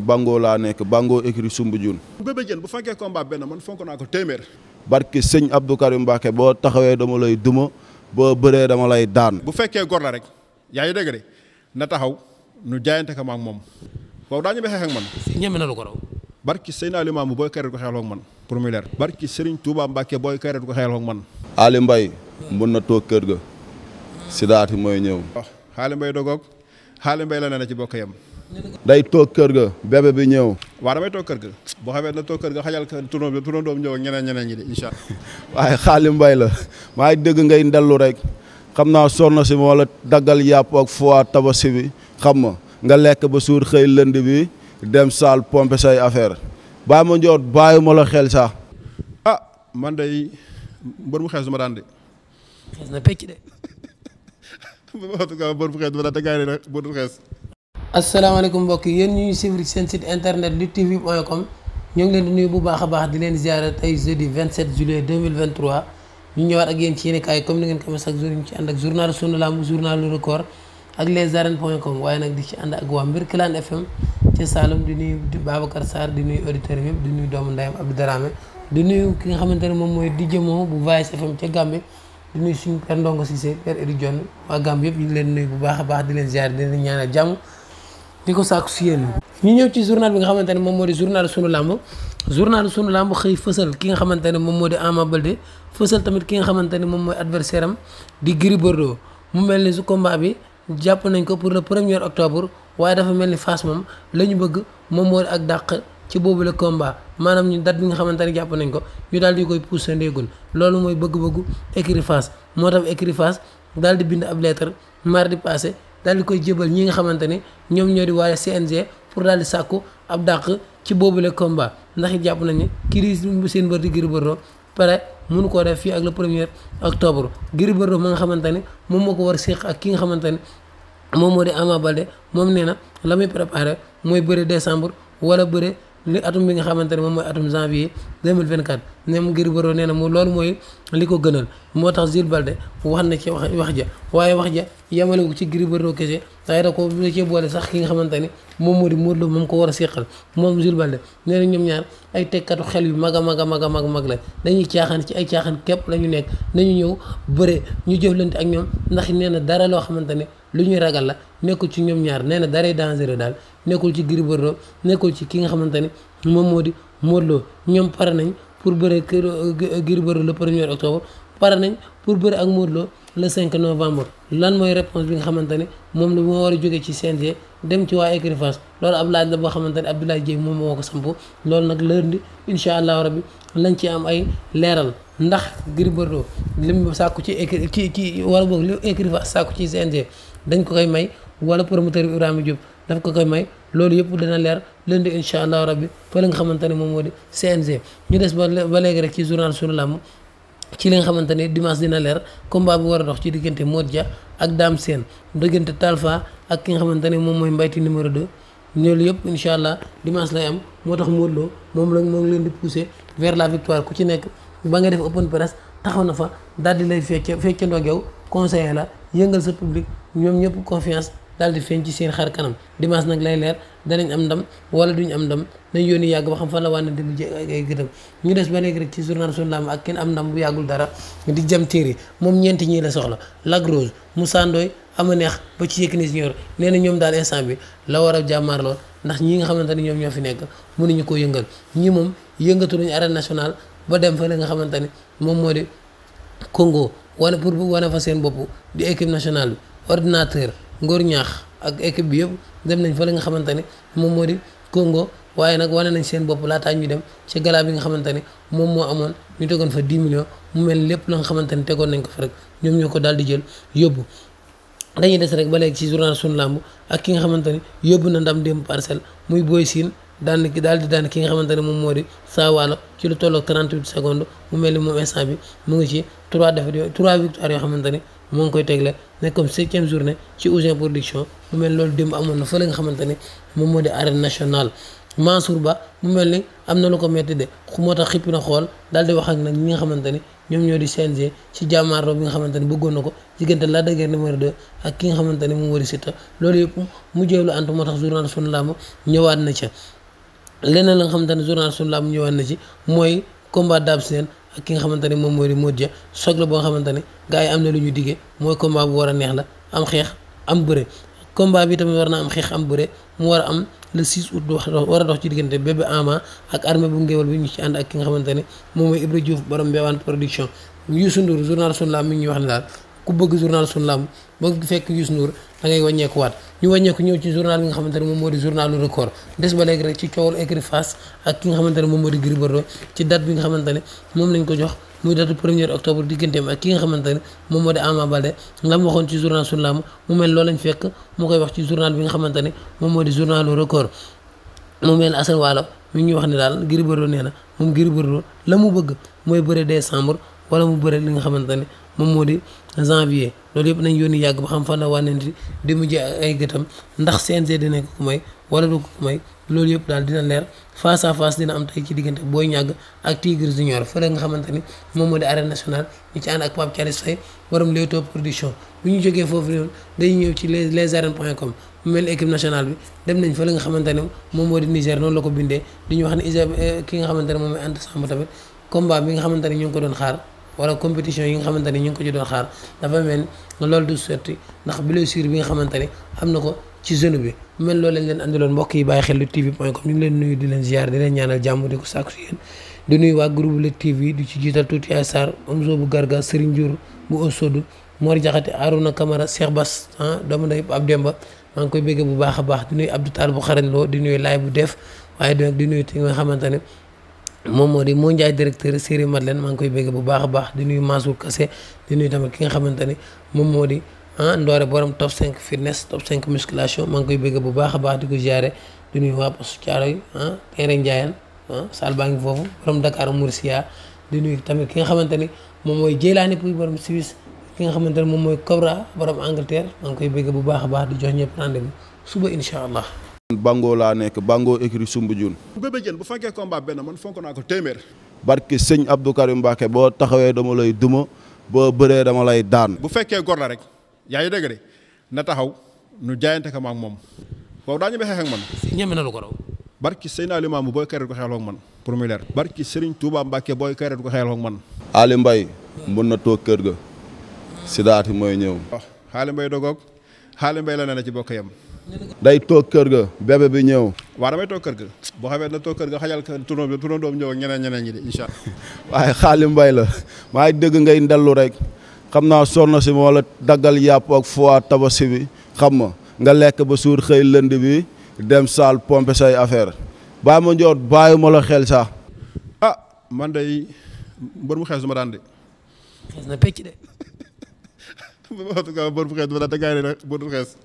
bàngoo laa nekk bàngoo écrit Soumbédioune. Bébé Diène bu fekkee combat benn man fonk naa ko téeméer. barke sëñ Abdou Karim Mbacke boo taxawee dama lay duma boo bëree dama lay daan. bu fekkee gor rek yaa ngi dégg de na taxaw nu jaayante ko ma ak moom foofu daañu ba xeex ak ko raw. barki sëñ Aliou Mamou booy kayreet ko xeexloo ak man pour muy leer. barki Serigne booy kayreet ko xeexloo man. Ali Mbaye mën na toog kër ga. Sidaati mooy ñëw. waaw Ali Mbaye la ne na ci bokk yam day toog kër ga bébé bi ñëw. waaw damay toog kër ga boo xamee na toog kër ga xajal kër tournoi bi tournoi doom ñëw ak ñeneen ñeneen ñi de incha waaye xaali mbay la maa dëgg ngay ndellu rek xam naa sonn si moo la daggal yàpp ak foie tabaski bi xam ma nga lekk ba suur xëy lënd bi dem saal pompe say affaire bàyyi ma njoot bàyyi ma la xel sax. Ah, man day ma daan de. asalaamaaleykum mbokk yi yéen ñuy suivre seen site internet lutte tv point com ñoo leen di nuyu bu baax a baax di leen ziara tey jeudi 27 juillet 2023 ñu ñëwaat ak yéen ci yéen kaay comme ni ngeen ko mos ak jour ñu ci ànd ak journal sunu lamb journal record ak les arènes point com waaye nag di ci ànd ak waa Mbirkelane FM ci Saloum di nuyu Babacar Sarr di nuy auditeurs yëpp di nuyu doomu ndeyam Abdou Dramé di nuyu ki nga xamante ne moom mooy di Mo bu Vice FM ca Gambie di nuyu suñu Ndongo Cissé père Edou Dione waa ñu ngi leen nuyu bu baax a baax di leen ziara di leen jàmm. di ko sàkku si yéen ñu ñëw ci journal bi nga xamante ne moom moo di journal sunu làmb journal sunu làmb xëy fësal ki nga xamante ne moom moo di Ama Baldé fësal tamit ki nga xamante ne moom mooy adversaire am di Gris Bordeaux mu mel ni su combat bi jàpp nañ ko pour le premier octobre waaye dafa mel ni Fass moom la ñu bëgg moom moo di ak dàq ci boobu le combat maanaam ñu date bi nga xamante ne jàpp nañ ko ñu daal di koy poussé ndéegul loolu mooy bëgg-bëggu écurie Fass moo tam écurie Fass daal di bind ab lettre mardi passé daal di koy jébal ñi nga xamante ne ñoom ñoo di waaye CNG pour daal di sàkku ab dàq ci boobule combat ndax it jàpp nañ ne kii seen mbër di Gris Bordeaux pare mënu koo def fii ak le premier octobre Gris Bordeaux ma nga xamante ne moom moo ko war a séq ak ki nga xamante ne moom moo di Ama Baldé moom nee na la muy préparé mooy bëre décembre wala bëre. li atum bi nga xamante ne moom mooy atum janvier 2024 nem ngir bëroo nee na mu loolu mooy li ko gënal moo tax Jules Balde wax na ci wax wax ja waaye wax ja yemale ko ci Gris Bordeaux kese waaye da ko da cee boole sax ki nga xamante ne moom moo di Modou Lo moom ko war a seqal moom Jules Balde nee na ñoom ñaar ay tekkatu xel yu mag a mag a mag a mag mag la dañuy caaxan ci ay caaxaan képp la ñu nekk nañu ñëw bëre ñu jëflante ak ñoom ndax nee na dara loo xamante ne lu ñuy ragal la nekkul ci ñoom ñaar nee na daray dangereux daal nekkul ci Gris Bordeaux nekkul ci ki nga xamante ne moom moo di Modou ñoom pare nañ pour bëre euh, Gris Bordeaux le premier octobre pare nañ pour bëri ak Modou Lo le 5 novembre lan mooy réponse bi nga xamante ne moom la moo war a jógee ci CNG dem ci waa écurie loolu ab laaj la boo xamante ne Abdoulaye Dieng moom moo ko samp loolu nag lundi incha allah rabbi lañ ci am ay leeral ndax Gris Bordeaux lim sàkku ci écurie ci ci wala boog li écurie ci dañ ko koy may wala promoteur bi Ibrahima Diop daf ko koy may loolu yëpp dana leer lundi incha allahu rabbi fa la nga xamante ne moom moo di CNG ñu des ba ba léegi rek ci journal sunu làmb ci li nga xamante ne dimanche dina leer combat bu war a dox ci diggante Modou Dia ak Dame Sène diggante Talfa ak ki nga xamante ne moom mooy mbayti numéro 2 ñoolu yëpp incha allah dimanche lay am moo tax Modou Lo moom la moo ngi leen di pousser vers la victoire ku ci nekk ba nga def open press taxaw na fa daal di lay fecce feccandoo ak yow conseiller la yëngal sa public ñoom ñëpp confiance daal di feeñ ci seen xar kanam dimanche nag lay leer danañ am ndam wala duñ am ndam nañ yooni yàgg ba xam fan la wànne di mujj ak ay gëtëm ñu des ba léegi rek ci journal suñu làmb ak kenn am ndam bu yàggul dara di jam téeri moom ñeenti ñii la soxla Lac mu Moussa am ama neex ba ci Yékini Junior nee na ñoom daal instant bi la war a jàmmaarlool ndax ñi nga xamante ne ñoom ñoo fi nekk mënuñu ko yëngal ñii moom yëngatu nañu arène nationale ba dem fa nga xamante ne moom moo di Congo wane pour bu wane fa seen bopp di équipe nationale bi ordinateur ngóor ñaax ak équipe bi yëpp dem nañ fa la nga xamante ne moom moo di Congo waaye nag wane nañ seen bopp laataa ñu dem ci gala bi nga xamante ne moom moo amoon ñu tegoon fa 10 millions mu mel lépp la nga xamante ne tegoon nañ ko fa rek ñoom ñoo ko daal di jël yóbbu. dañuy des rek ba léegi ci journal sunu làmb ak ki nga xamante ne yóbbu na ndam démb parcelle muy Boy Sine daan ki daal di daan ki nga xamante ne moom moo di saawaalo ci lu tolloog 38 secondes mu mel ni moom instant bi mu ngi ci 3 défaites 3 victoires yoo xamante ne. moo ngi koy tegle nekk comme septième journée ci Ouzin production mu mel loolu démb amoon na fa la nga xamante ne moom moo di arène nationale Mansour Ba mu mel ni am na lu ko metti de moo tax xippi na xool daal di wax ak nag ñi nga xamante ni ñoom ñoo di CNG ci jàmmaarloo bi nga xamante ni bëggoon na ko diggante Lac de Guiers numéro 2 ak ki nga xamante ni moom moo di Siteu loolu yëpp mu jéem lu ànd moo tax journal sunu làmb ñëwaat na ca leneen la nga xamante ne journal sunu làmb ñëwaat na ci mooy combat d'Absen ak ki nga xamante ne moom moo di Modou Dia soog boo xamante ne gars yi am na lu ñu diggee mooy combat bu war a neex la am xeex am bëre combat bi tamit war na am xeex am bëre mu war a am le 6 août wax war a dox ci diggante Bébé Ama ak armée bu ngéwal bi ñu ci ànd ak ki nga xamante ne moom mooy Ibra Diouf borom Mbewaan production Youssou Ndour journal Sunu la mi ngi ñuy wax ne daal ku bëgg journal sunu làmb bëgg fekk Youssou Ndour da ngay wàññeekuwaat ñu wàññeeku ñëw ci journal bi nga xamante ne moom moo di journalu record des ba ci coowal écurie nga xamante ne moom moo di Gris Bordeaux ci nga ne moom lañ ko jox muy datu premier octobre digganteem xamante ne moom moo di Ama mu waxoon ci journal sunu mu mel loolu lañ fekk mu koy wax ci journal bi nga xamante ne moom moo di journalu record mu mel Assane Waalo mi ngi wax ne daal Gris Bordeaux nee na moom Gris Bordeaux la mu bëgg mooy bëre décembre wala mu bëre li nga xamante ne moom moo di janvier loolu yëpp nañ yónni yàgg ba xam fan la wànnenti di mujj ay gëtam ndax CNG dina ko ko may wala du ko ko may loolu yëpp daal dina leer face à face dina am tey ci diggante Boy Niang ak Tigre Junior fële nga xamante ni moom moo di arène nationale ñu ci ànd ak Pape Thialis ñu jógee foofu noonu ñëw ci les les arènes point com mu mel dem nañ fële nga xamante ne moom moo di Niger noonu la ko bindee di ñu wax ne ISRA eh, ki nga xamante ne moom mooy Anta Samb tamit combat bi nga xamante ne ñu ngi ko doon xaar. wala compétition yi nga xamante ne ñu ngi ko ci doon xaar dafa mel loolu du sotti ndax blessure bi nga xamante ne am na ko ci genou bi mel lool lañ leen andiloon mbokk yi bàyyi xel Lutte TV point com ñu ngi leen nuyu di leen ziar di leen ñaanal jàmm di ko sàkku si yéen di nuyu waa groupe Lutte TV di ci jiital tuuti ay Sarr Omzo bu Garga Serigne Diour bu Osodu Mor Diakhaté Arouna Camara Cheikh Bass ah doomu ndey ab Demba maa ngi koy bëgg bu baax a baax di nuyu Abdou Tall bu xarañ loo di nuyu Laay bu def waaye di nuyu ki nga xamante ne moom moo di moo Ndiaye directeur série Madeleine maa ngi koy bégg bu baax a baax di nuyu Mansour Kassé di tamit ki nga xamante ni moom moo di ah borom top 5 fitness top 5 musculation maa ngi koy bégg bu baax a baax di ko jaare di nuyu waa Poste Thiaroye ah Terrain Ndiayane ah Sall baa ngi di nuyu tamit ki nga xamante ni moom mooy Jeylaani Pouy borom Suisse ki nga xamante ni moom mooy Cobra borom Angleterre maa ngi koy bégg bu baax a baax di jox ñëpp rendez-vous suba incha allah. Bango laa nekk Bango écrit Soumbédioune. Bébé Diène bu fekkee combat benn man fonk naa ko téeméer. barke sëñ Abdou Karim Mbacke boo taxawee dama lay duma boo bëree dama lay daan. bu fekkee gor la rek yaa ngi dégg de na taxaw nu jaayante ko ma ak moom waaw daa ñeme xeex ak man. ñeme na lu ko raw. barke Seydina Limaamu booy kareet ko xeexal man pour muy leer. barke Serigne booy kareet ko xeexal ak man. Ali Mbaye na toog kër ga. Sidaati mooy ñëw. waaw Xaali Mbaye dogoog Xaali la ne la ci bokk yam day toog kër ga bébé bi ñëw. waaw damay toog kër ga boo xamee na toog kër ga xajal kër tournoi bi tournoi doom ñëw ak ñeneen ñeneen ñi de incha waaye xaalis mbay la maa ngi dëgg ngay ndellu rek xam naa sonn si ma wala daggal yàpp ak foie tabaski bi xam ma nga lekk ba suur xëy lënd bi dem saal pompe say affaire bàyyi ma njoot bàyyi ma la xel sax. ah man day mbër mu xees ma daan de. mbër mu xees ma daan de gars yi rek mbër mu xees.